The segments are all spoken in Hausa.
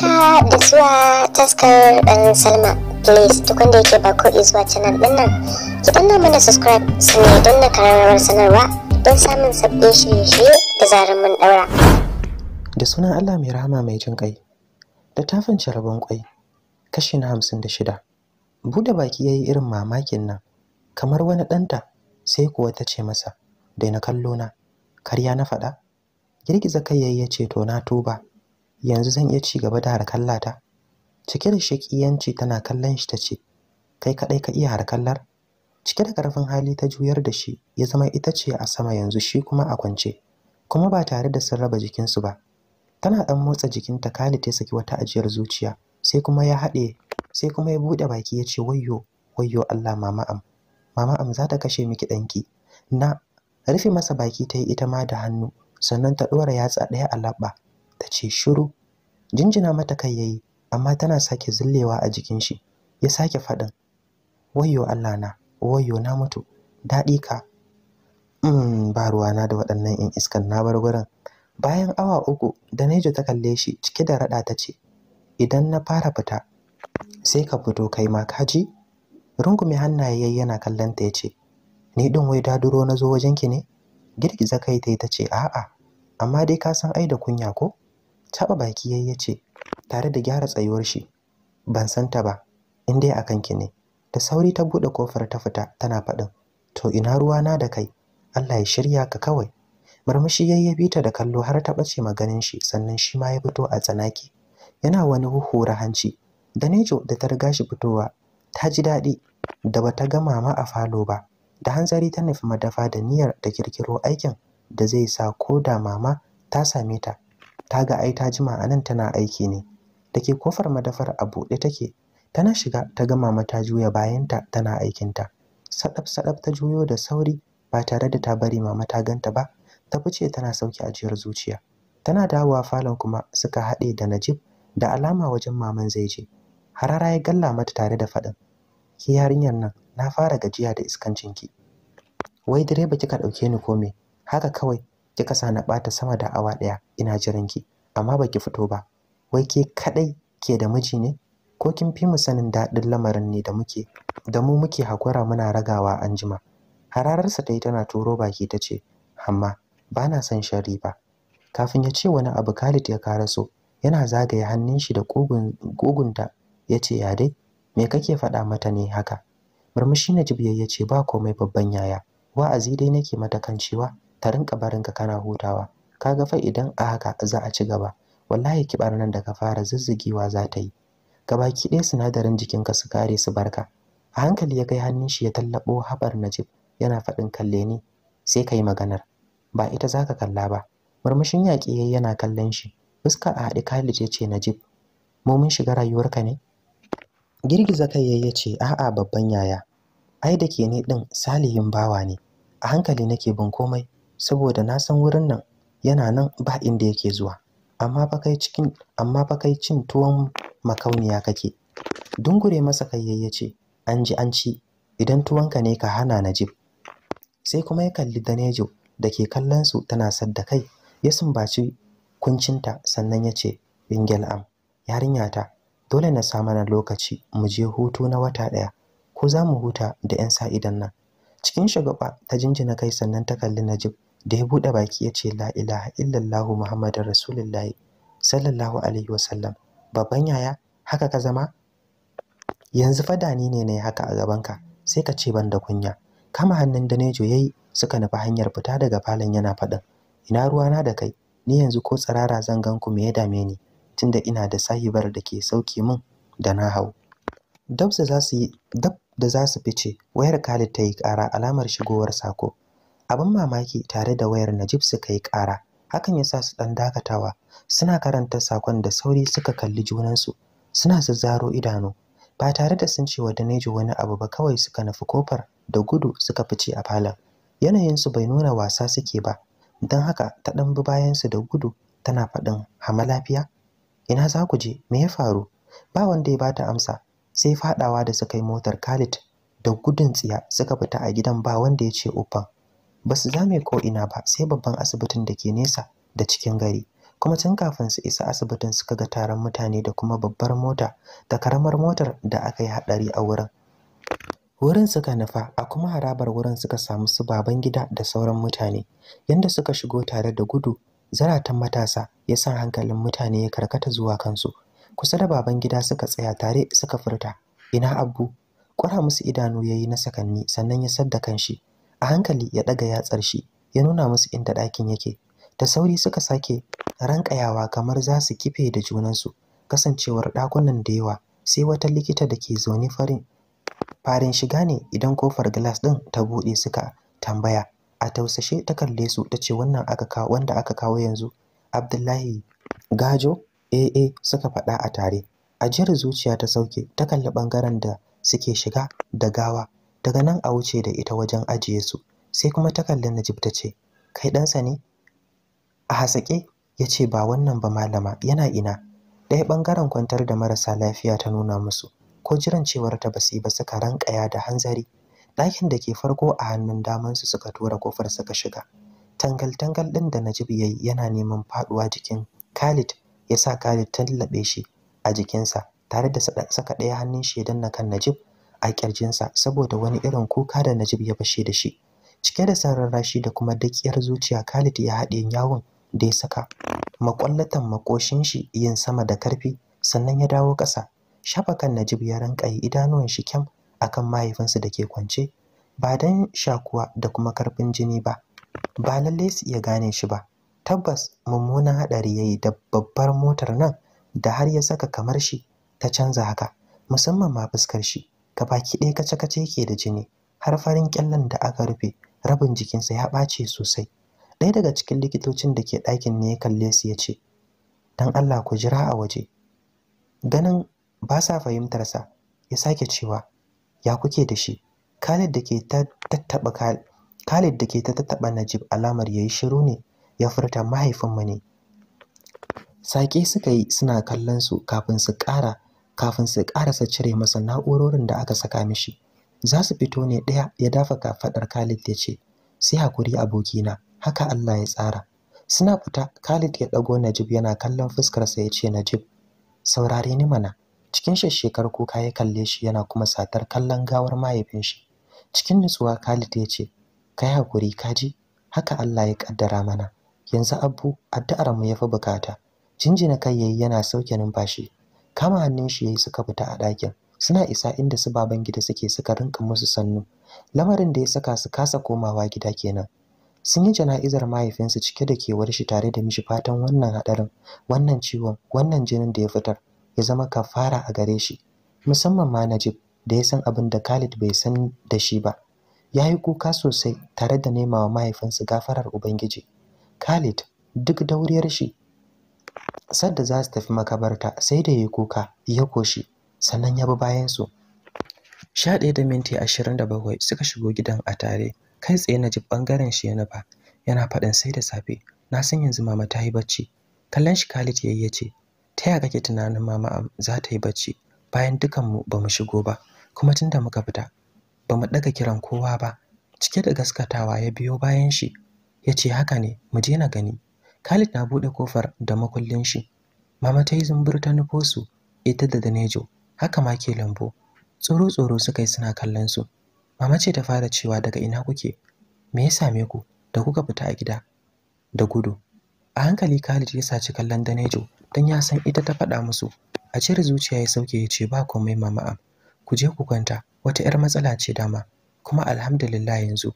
haka da zuwa taskar dan salma please duk wanda yake ba ko zuwa canal din nan ki danna mana subscribe su ne don na kararrawar sanarwa don samun sabbin shirye-shirye da zarar mun daura da sunan allah mai rahama mai jin kai tafin rabon kwai kashi na hamsin da shida bude baki ya yi irin mamakin nan kamar wani ɗanta sai kuwa ta ce masa daina kallo na karya na faɗa girgiza kai ya ce to na tuba yanzu zan iya ci gaba da harkallata cike da shakiyanci tana kallon shi ta ce, kai kadai ka iya harkallar cike da karfin hali ta juyar da shi ya zama ita ce a sama yanzu shi kuma a kwance kuma ba tare da sun raba jikinsu ba tana dan motsa jikinta Khalid ya saki wata ajiyar zuciya sai kuma ya haɗe sai kuma ya bude baki ya ce wayyo wayyo Allah mama am mama am za ta kashe miki danki na rufe masa baki ta yi ita ma da hannu sannan ta ɗora yatsa ɗaya a labba ta ce shiru jinjina mata kai yayi amma tana sake zillewa a jikin shi ya sake faɗin wayyo Allah na wayyo na mutu daɗi ka mm, ba ruwana da waɗannan in iskan na bar gurin bayan awa uku da nejo ta kalle shi cike da raɗa ta ce idan na fara fita sai ka fito kai ma kaji rungume hannaye yayi yana kallon ta yace ni din wai daduro na zo wajenki ne girgiza kai ta ce a'a amma dai ka san ai da kunya ko taba baki yayi yace tare da gyara tsayuwar shi ban santa ba in dai akan ki ne da sauri ta bude kofar ta fita tana faɗin to ina ruwa na da kai Allah ya shirya ka kawai murmushi yayi ya bita da kallo har ta bace maganin shi sannan shi ma ya fito a tsanaki yana wani huhura hanci Danejo da ta riga shi fitowa ta ji daɗi da bata ga mama a falo ba da hanzari ta nufi madafa da niyyar da kirkiro aikin da zai sa ko da mama ta same ta ta ga ai ta jima a nan tana aiki ne da ke kofar madafar a buɗe take tana shiga ta ga Mama ta juya bayanta tana aikinta sadaf sadaf ta juyo da sauri ba tare da ta bari mama ta ganta ba ta fice tana sauki ajiyar zuciya tana dawowa falon kuma suka haɗe da najib da alama wajen maman zai je harara ya galla mata tare da faɗin ki yarinyar nan na fara gajiya da iskancinki wai direba kika ɗauke ni ko me haka kawai kika sa na bata sama da awa daya ina jiran ki amma baki fito ba wai ke kadai ke da miji ne ko kin fi mu sanin dadin lamarin ne da muke da mu muke hakura muna ragawa anjima hararsa ta yi tana turo baki ta ce amma Bana na son sharri ba kafin ya ce wani abu Khalid ya karaso yana zagaye hannun shi da kugunta ya ce ya dai me kake faɗa mata ne haka murmushi na jibiyayya ce ba komai babban yaya wa'azi dai nake mata kan cewa ta rinka barinka kana hutawa Ka ga fa idan a haka za a ci gaba wallahi kibar nan da ka fara zuzzugewa za ta yi gabaki ɗaya sinadarin jikinka su kare su barka a hankali ya kai hannun shi ya tallabo habar Najib yana faɗin kalle ne sai kai maganar ba ita zaka kalla ba murmushin yaƙi yayi yana kallon shi fuska a haɗe Khalid ya ce Najib mu shiga rayuwarka ne girgiza kai yayi ya ce a'a babban yaya ai da ke ni din salihin bawa ne a hankali nake bin komai saboda na san wurin nan yana nan ba inda yake zuwa amma fa kai cikin amma fa kai cin tuwon makauniya kake dungure masa yayye ce an ji an ci idan ka ne ka hana najib sai kuma ya kalli danejo da ke kallon su tana sadda kai ya sumbaci kuncinta sannan ya ce bingel am ta, dole na sa mana lokaci mu je hutu na wata ɗaya ko za mu huta da 'yan sa'idan nan cikin shagaba ta jinjina kai sannan ta kalli najib da ya buɗe baki ya ce la ilaha illallahu muhammadar rasulullahi sallallahu alaihi wasallam babban yaya haka ka zama yanzu fada ni ne yi haka a gabanka sai ka ce ban da kunya kama hannun danejo yayi suka nufi hanyar fita daga falon yana faɗin ina ruwana da kai ni yanzu ko tsirara zan gan ku me ya dame ni tunda ina da sahibar da ke sauke min da na hau dab da za dab da za su fice wayar Khalid ta yi ƙara alamar shigowar sako abin mamaki tare da wayar najib suka yi ƙara hakan ya sa su ɗan dakatawa suna karanta sakon da sauri suka kalli junansu suna zazzaro idanu ba tare da sun ce wa danejo wani abu ba kawai suka nufi kofar da gudu suka fice a falon yanayinsu bai nuna wasa suke ba don haka ta ɗan bi bayansu da gudu tana faɗin hama lafiya ina za ku je me ya faru ba wanda ya bata amsa sai faɗawa da suka yi motar khalid da gudun tsiya suka fita a gidan ba wanda ya ce uffan ba su zame ko ina ba sai babban asibitin da ke nesa da cikin gari kuma tun kafin su isa asibitin suka ga taron mutane da kuma babbar mota da karamar motar da aka yi haɗari a wurin wurin suka nufa a kuma harabar wurin suka samu su baban gida da sauran mutane yanda suka shigo tare da gudu zaratan matasa ya sa hankalin mutane ya karkata zuwa kansu kusa da baban gida suka tsaya tare suka furta ina abu ƙwara musu idanu ya yi na sakanni sannan ya sadda kanshi a hankali ya ɗaga yatsar shi ya nuna musu inda ɗakin yake da sauri suka sake rankayawa kamar za su kife da junansu kasancewar ɗakunan da yawa sai wata likita da ke zaune farin farin shiga ne idan kofar glass ɗin ta buɗe suka tambaya a tausashe ta kalle su ta ce wannan aka kawo wanda aka kawo yanzu abdullahi gajo aa eh, eh, suka faɗa a tare ajiyar zuciya ta sauke ta kalli ɓangaren da suke shiga da gawa daga nan a wuce da ita wajen ajiye su sai kuma ta kalli najib ta ce kai ɗansa ne a hasake ya ce ba wannan ba malama yana ina ɗaya ɓangaren kwantar da marasa lafiya ta nuna musu ko jiran cewar ta basi ba suka rankaya da hanzari ɗakin da ke farko a hannun damansu suka tura kofar suka shiga tangal-tangal ɗin da najib ya yi yana neman faɗuwa jikin khalid ya sa khalid tallaɓe shi a jikinsa tare da saka ɗaya hannun shi ya danna kan najib a ƙirjinsa, saboda wani irin kuka da Najib ya bashe da shi cike da sararrashi da kuma dakiyar zuciya Khalid ya haɗe yawon da ya saka makwallatan makoshin shi yin sama da karfi sannan ya dawo ƙasa shafakan Najib ya ranka yi idanuwan shi kyam akan mahaifinsa da ke kwance ba dan shakuwa da kuma karfin jini ba ba lalle su iya gane shi ba tabbas mummunan hadari yayi da babbar motar nan da har ya saka kamar shi ta canza haka musamman ma fuskar shi baki ɗaya kace-kace yake da jini har farin kyallan da aka rufe rabin jikinsa ya ɓace sosai ɗaya daga cikin likitocin da ke ɗakin ne ya kalle su ya ce don allah ku jira a waje ganin ba sa fahimtarsa ya sake cewa ya kuke da shi khalid da ke ta tattaɓa najib alamar ya yi shiru ne ya furta mahaifinmu ne sake suka yi suna kallon su kafin su ƙara kafin su karasa cire masa na'urorin da aka saka mishi za su fito ne ɗaya ya dafa kafaɗar Khalid ya ce sai hakuri abokina haka Allah ya tsara suna fita Khalid ya ɗago Najib yana kallon fuskar sa ya ce Najib saurare ni mana cikin shekar kuka ya kalle shi yana kuma satar kallon gawar mahaifin shi cikin nutsuwa Khalid ya ce kai hakuri kaji haka Allah ya kaddara mana yanzu abu addu'ar mu yafi bukata jinjina kai yayi yana sauke numfashi kama hannun shi yayi suka fita a ɗakin suna isa inda su baban gida suke suka rinka musu sannu lamarin da ya saka su kasa komawa gida kenan sun yi jana'izar mahaifinsu cike da kewar shi tare da mishi fatan wannan hadarin wannan ciwon wannan jinin da ya fitar ya zama kafara a gare shi musamman ma Najib da ya san abin da Khalid bai san da shi ba ya yi kuka sosai tare da nemawa wa mahaifinsu gafarar Ubangiji Khalid duk dauriyar shi sadda za su tafi makabarta sai da ya kuka ya koshi sannan ya bi bayan su sha ɗaya da minti ashirin da bakwai suka shigo gidan a tare kai tsaye na ji ɓangaren shi yana ba yana faɗin sai da safe na san yanzu mama ta yi bacci kallon shi Khalid yayi yace, ce ta ya kake tunanin mama za ta yi bacci bayan dukanmu ba mu shigo ba kuma tunda muka fita ba mu ɗaga kiran kowa ba cike da gaskatawa ya biyo bayan shi Yace haka ne mu je na gani Khalid na buɗe kofar da makullin shi. Mama ta yi zumbur ta nufo su ita da Danejo, haka ma ke lambo. Tsoro-tsoro suka yi suna kallon su. Mama ce ta fara cewa daga ina kuke? Me ya same ku da kuka fita a gida? Da gudu. A hankali Khalid ya saci kallon Danejo don ya san ita ta faɗa musu. A cire zuciya ya sauke ya ce ba komai mama am. Ku je ku kwanta, wata 'yar matsala ce dama. Kuma alhamdulillah yanzu.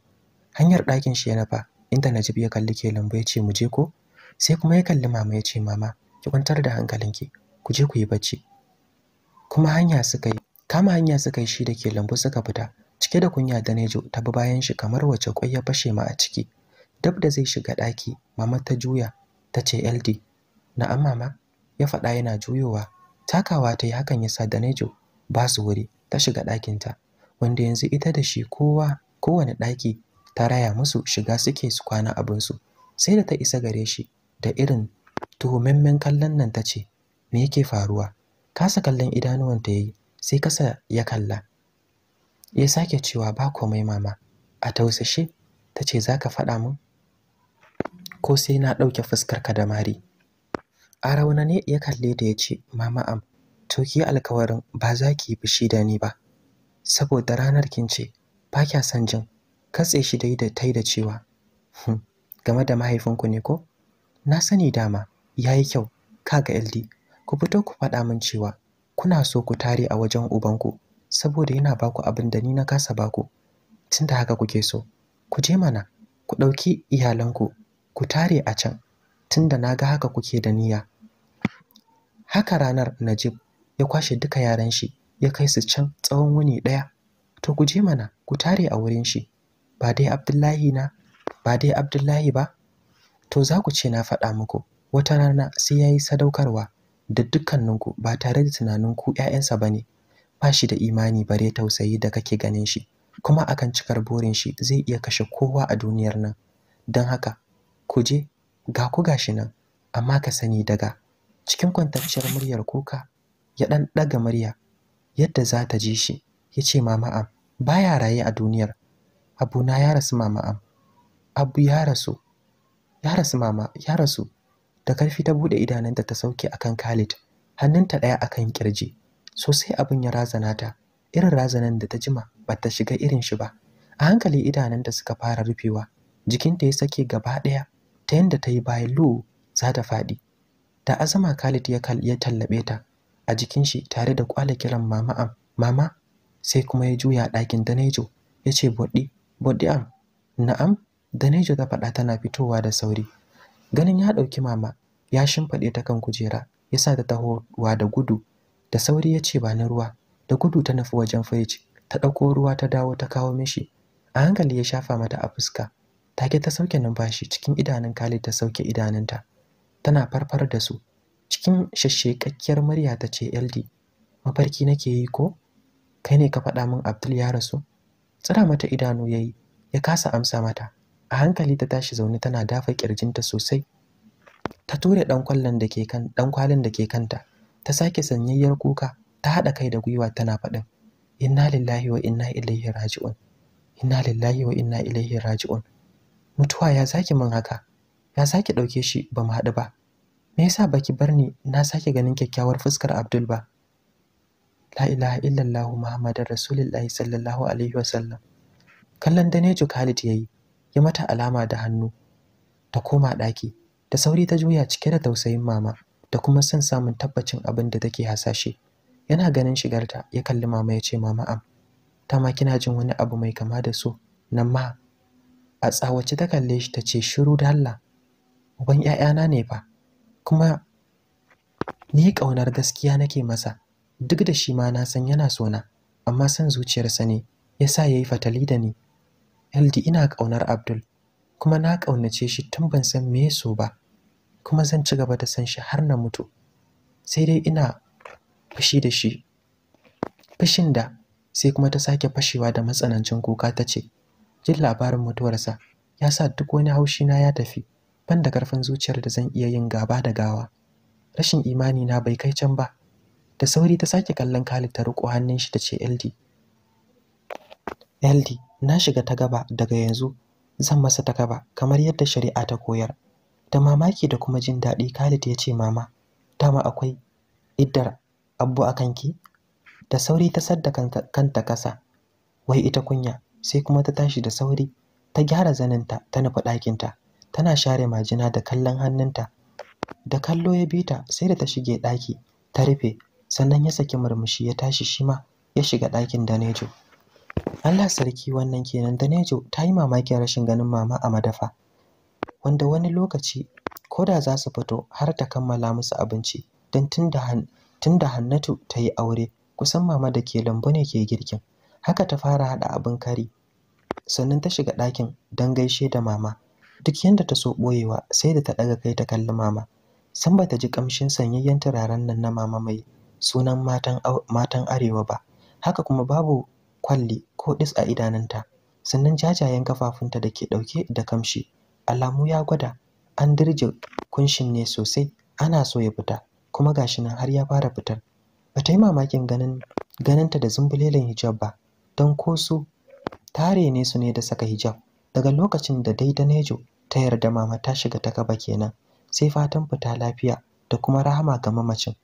Hanyar ɗakin shi ya nafa inda Najib ya kalli ke lambu ya ce mu je ko? sai kuma ya kalli mama ya ce mama ki kwantar da hankalinki ku je ku yi bacci kuma hanya suka yi kama hanya suka yi shi da ke lambu suka fita cike da kunya da nejo ta bi bayan shi kamar wace kwai ya fashe ma a ciki dab da zai shiga ɗaki mama ta juya ta ce ld na'am mama ya faɗa yana juyowa takawa ta yi hakan ya sa danejo ba su wuri ta shiga ɗakinta wanda yanzu ita da shi kowa kowane ɗaki ta raya musu shiga suke su kwana abinsu sai da ta isa gare shi da irin tuhumemmen kallon nan ta ce me yake faruwa kasa kallon idanuwanta yi sai kasa ya kalla ya sake cewa ba komai mama a tausashe ta ce za ka faɗa min ko sai na ɗauke fuskar ka da mari a ne ya kalle da ya ce mama am to ki alkawarin ba za ki yi fushi da ni ba saboda ranar kin ce ba kya son jin katse shi dai da tai da cewa hmm, game da mahaifinku ne ko na sani dama yayi kyau kaga LD ku fito ku faɗa min cewa kuna so ku tare a wajen ubanku saboda yana baku abin da ni na kasa baku tunda haka kuke so ku je mana ku ɗauki iyalanku ku tare a can tunda na ga haka kuke da niyya haka ranar Najib ya kwashe duka yaran shi ya kai su can tsawon wuni ɗaya to ku je mana ku tare a wurin shi ba dai Abdullahi na ba dai Abdullahi ba to za ku ce na faɗa muku wata rana sai ya yi sadaukarwa da dukkaninku ba tare da tunanin ku 'ya'yansa ba ne ba shi da imani bare tausayi da kake ganin shi kuma akan cikar burin shi zai iya kashe kowa a duniyar nan don haka ku je ga ku gashi nan amma ka sani daga cikin kwantacciyar muryar kuka ya ɗan ɗaga murya yadda za ta ji shi ya ce mama am baya raye a duniyar abuna ya rasu mama abu ya rasu ya rasu mama ya rasu da karfi ta bude idananta ta sauke akan Khalid hannunta daya akan kirji sosai abin ya razana ta irin razanan da ta jima bata shiga irin shi ba a hankali idananta suka fara rufewa jikinta ya sake gaba daya ta yanda ta yi bayan lu za ta faɗi da azama Khalid ya kal ya tallabe ta a jikin shi tare da kwala kiran mama am mama sai kuma ya juya ɗakin Danejo ya ce boddi boddi am na'am Danejo ta faɗa tana fitowa da sauri. Ganin ya ɗauki mama ya shimfaɗe ta kan kujera ya sa ta tahowa da gudu da sauri ya ce ba ni ruwa da gudu ta nufi wajen firij ta ɗauko ruwa ta dawo ta kawo mishi a hankali ya shafa mata a fuska take ta sauke numfashi cikin idanun kali ta sauke idanunta tana farfar da su cikin shashshekakkiyar murya ta ce LD mafarki nake yi ko kai ne ka faɗa min Abdul ya rasu tsira mata idanu ya yi. ya kasa amsa mata a hankali ta tashi zaune tana dafa kirjinta sosai ta ture dan kwallon da ke kan dan kwalin da ke kanta ta sake sanyayyar kuka ta haɗa kai da gwiwa tana faɗin inna lillahi wa inna ilaihi raji'un inna lillahi wa inna ilaihi raji'un mutuwa ya sake min haka ya sake ɗauke shi ba mu haɗu ba me yasa baki barni na sake ganin kyakkyawar fuskar Abdul ba la ilaha illallah muhammadar rasulullahi sallallahu alaihi wasallam kallon danejo Khalid yayi ya mata alama da hannu ta koma ɗaki da sauri ta juya cike da tausayin mama da kuma son samun tabbacin abin da take hasashe yana ganin shigarta ya kalli mama ya ce mama am ta ma kina jin wani abu mai kama da so nan ma a tsawace ta kalle shi ta ce shiru da Allah uban 'ya'yana ne fa kuma ni ƙaunar gaskiya nake masa duk da shi ma na san yana sona amma san zuciyarsa ne yasa yayi fatali da ni LD ina ƙaunar Abdul kuma na ƙaunace shi tun ban san me so ba kuma zan ci gaba da san shi har na mutu sai dai ina fushi da shi fushin da sai kuma ta sake fashewa da matsanancin kuka ta ce jin labarin mutuwarsa ya sa duk wani haushi na ya tafi ban da karfin zuciyar da zan iya yin gaba da gawa rashin imani na bai kai can ba da sauri ta sake kallon Khalid ta riko hannun shi ta ce LD LD na shiga ta gaba daga yanzu zan masa ta gaba kamar yadda shari'a ta koyar da mamaki da kuma jin daɗi Khalid ya ce mama dama akwai iddar abu a kanki da sauri ta sadda kanta kasa wai ita kunya sai kuma ta tashi da sauri ta gyara zaninta ta nufi ɗakinta tana share majina da kallon hannunta da kallo ya bita sai da ta shige ɗaki ta rufe sannan ya saki murmushi ya tashi shima ya shiga ɗakin da nejo Allah sarki wannan kenan da nejo ta yi mamakin rashin ganin mama a madafa wanda wani lokaci ko da za su fito har ta kammala musu abinci don tun da Hannatu ta yi aure kusan mama da ke lambu ne ke girkin haka ta fara haɗa abin kari sannan ta shiga ɗakin don gaishe da mama duk yadda ta so ɓoyewa sai da ta ɗaga kai ta kalli mama san ba ta ji ƙamshin sanyayyen turaren nan na mama mai sunan matan arewa ba haka kuma babu kwalli ko ɗis a idanunta sannan jajayen kafafunta da ke ɗauke da kamshi alamu ya gwada an dirje kunshin ne sosai ana so ya fita kuma gashi nan har ya fara fitar ba ta yi mamakin ganin ganinta da zumbulelen hijab ba don ko su tare ne su ne da saka hijab daga lokacin da dai nejo ta yarda mama ta shiga ta gaba kenan sai fatan fita lafiya da kuma rahama ga mamacin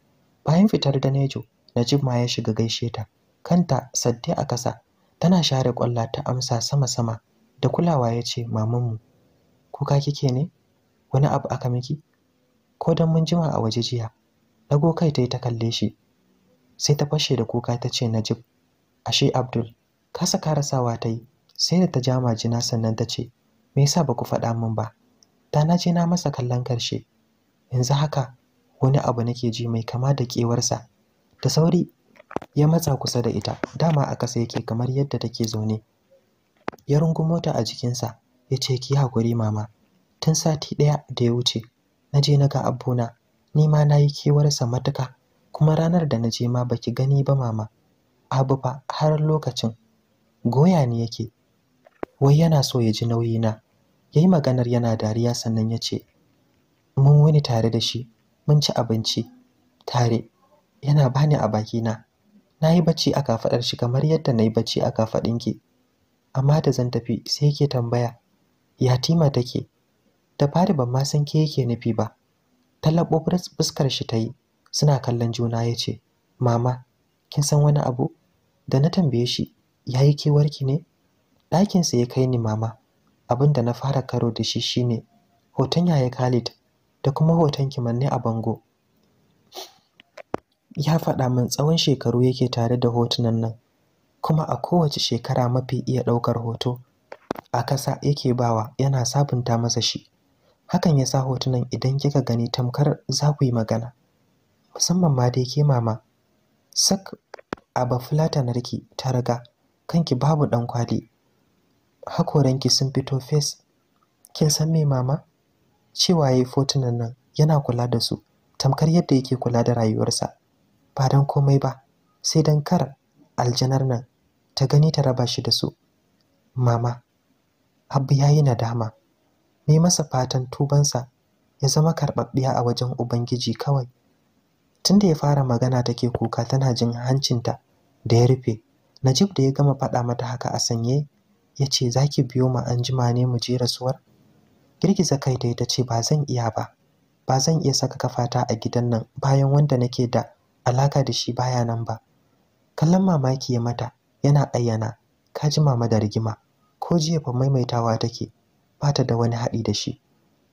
bayan fitar nejo najib ma ya shiga gaishe ta kanta sadde a ƙasa tana share ƙwalla ta amsa sama-sama da kulawa ya ce mamanmu kuka kike ne wani abu aka miki ko don mun jima a waje jiya dago kai ta yi ta kalle shi sai ta fashe da kuka ta ce najib ashe abdul kasa karasawa ta yi sai da ta ja majina sannan ta ce me yasa ba ku faɗa min ba ta na je na masa kallon karshe yanzu haka wani abu nake ji mai kama da kewarsa da sauri ya matsa kusa da ita dama a ƙasa yake kamar yadda take zaune ya rungu mota a jikinsa ya ce ki hakuri mama tun sati ɗaya da ya wuce na je na ga abuna, ni ma na yi kewarsa matuka kuma ranar da na je ma baki gani ba mama abu fa har lokacin goya ni yake wai yana so ya ji nauyina ya yi maganar yana dariya sannan ya ce mun wuni tare da shi mun ci abinci tare yana bani a bakina na yi bacci a kafaɗar shi kamar yadda na yi bacci a ki, amma da zan tafi sai yake tambaya yatima take da fari ban ma san ke yake nufi ba tallabo fuskar shi ta yi suna kallon juna ya ce mama kin san wani abu da na tambaye shi ya yi kewarki ne ɗakinsa ya kai ni mama abin da na fara karo da shi shine hoton yaya khalid da kuma hoton kimanni a bango ya faɗa min tsawon shekaru yake tare da hotunan nan kuma a kowace shekara mafi iya ɗaukar hoto a kasa yake bawa yana sabunta masa shi hakan ya sa hotunan idan kika gani tamkar za ku yi magana musamman ma dai ke mama sak a aba fulatanarki ta raga. kanki babu ɗan kwali hakoranki sun fito fes kin san me mama cewa ya yi fotunan nan yana kula da su tamkar yadda yake kula da rayuwarsa ba don komai ba sai don kar aljanar nan ta gani ta raba shi da su mama abu ya yi nadama me masa fatan tubansa ya zama karɓaɓɓiya a wajen ubangiji kawai tunda ya fara magana take kuka tana jin hancinta da ya rufe najib da ya gama faɗa mata haka a sanye ya ce za ki biyo ma anjima ne mu je rasuwar girgiza kai ta ce ba zan iya ba ba zan iya saka kafata a gidan nan bayan wanda nake da alaka da shi baya nan ba kallon mamaki ya mata yana ayyana ka ji mama da rigima ko jiya fa maimaitawa take ba ta da wani haɗi da shi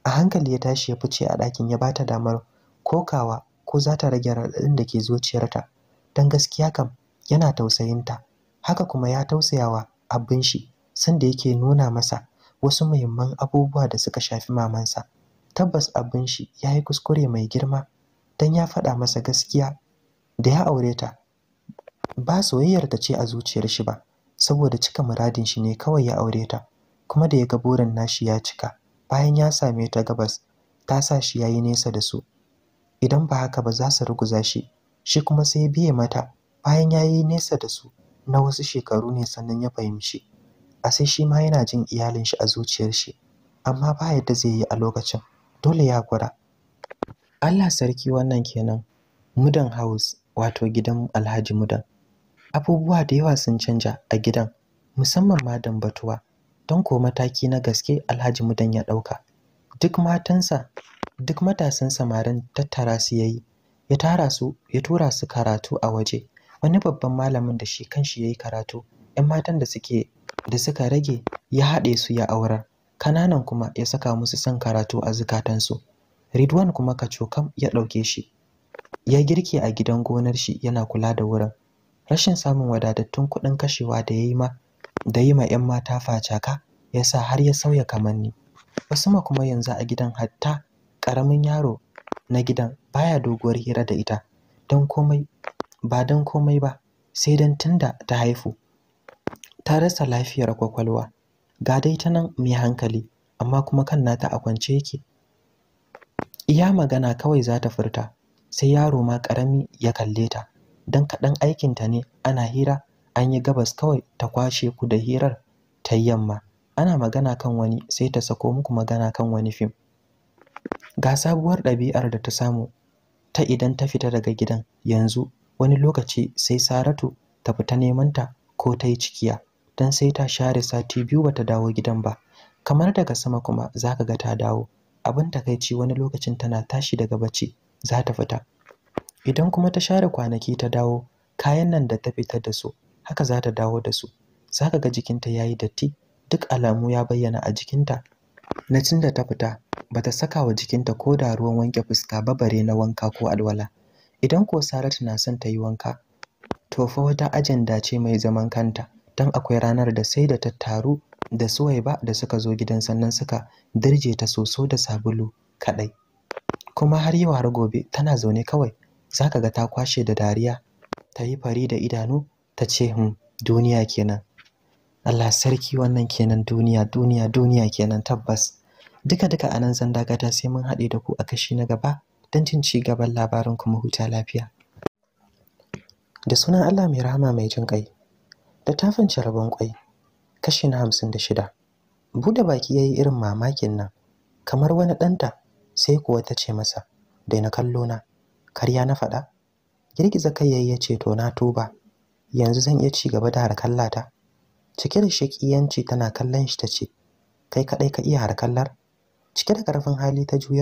a hankali ya tashi ya fice a ɗakin ya ba ta damar kokawa ko za ta rage raɗaɗin da ke zuciyarta don gaskiya kam yana tausayinta haka kuma ya tausayawa abin shi sanda yake nuna masa wasu muhimman abubuwa da suka shafi mamansa tabbas abin shi ya yi kuskure mai girma don ya faɗa masa gaskiya da ya aure ta ba soyayyar ta ce a zuciyar shi ba saboda cika muradin shi ne kawai ya aure ta kuma da ya ga burin nashi ya cika bayan ya same ta gabas ta sa shi yayi nesa da su idan ba haka ba za su ruguza shi shi kuma sai biye mata bayan yayi nesa da su na wasu shekaru ne sannan ya fahimci a sai shi ma yana jin iyalin shi a zuciyar shi amma ba yadda zai yi a lokacin dole ya kura Allah sarki wannan kenan mudan house wato gidan Alhaji Mudan. Abubuwa da yawa sun canja a gidan, musamman ma batuwa, don ko mataki na gaske Alhaji Mudan ya ɗauka. Duk matansa, duk matasan samarin tattara su yayi, ya tara su, ya tura su karatu a waje. Wani babban malamin da shi kanshi yayi karatu, 'yan matan da suke da suka rage ya haɗe su ya aurar. Kananan kuma ya saka musu son karatu a zukatansu. Ridwan kuma kacokam ya ɗauke shi ya girke a gidan gonar shi yana kula da wurin rashin samun wadatattun kuɗin kashewa da yayi ma da yi ma 'yan mata facaka yasa har ya sauya kamanni Wasu kuma yanzu a gidan hatta ƙaramin yaro na gidan baya doguwar hira da ita don komai ba don komai ba sai don tunda ta haifu ta rasa lafiyar kwakwalwa ga dai ta nan mai hankali amma kuma kan nata a kwance yake iya magana kawai za ta furta sai yaro ma ƙarami ya kalle ta don kaɗan aikinta ne ana hira an yi gabas kawai ta kwashe ku da hirar ta yamma ana magana kan wani sai ta sako muku magana kan wani fim ga sabuwar ɗabi'ar da ta samu ta idan ta fita daga gidan yanzu wani lokaci sai saratu ta fita neman ta ko ta yi cikiya don sai ta share sati biyu bata dawo gidan ba kamar daga sama kuma zaka ga ta dawo abin takaici wani lokacin tana tashi daga bacci za ta fita idan kuma ta share kwanaki ta dawo kayan nan da ta fita da su haka za ta dawo da su za ka ga jikinta ya yi datti duk alamu ya bayyana a jikinta na cin da ta fita ba ta saka wa jikinta ko da ruwan wanke fuska ba bare na wanka ko alwala idan ko saratu na son ta yi wanka to fa wata ajanda ce mai zaman kanta don akwai ranar da sai da ta taru da ba da suka zo gidan sannan suka dirje ta soso da sabulu kaɗai kuma har yau har gobe tana zaune kawai za ka ga ta kwashe da dariya ta yi fari da idanu ta ce hun hmm, duniya kenan Allah sarki wannan kenan duniya duniya duniya kenan tabbas duka duka a nan zan dakata sai mun haɗe da ku a kashi na gaba don jin ci gaban labarin kuma huta lafiya da sunan Allah mai rahama mai jin kai littafin rabon kwai kashi na hamsin da shida bude baki ya yi irin mamakin nan kamar wani ɗanta sai kuwa ta ce masa daina kallo na karya na faɗa girgiza kai yayi ya ce to na tuba yanzu zan iya ci gaba da harkallata ta cike da shakiyanci tana kallon shi ta ce, kai kadai ka iya harkallar cike da karfin hali ta juyar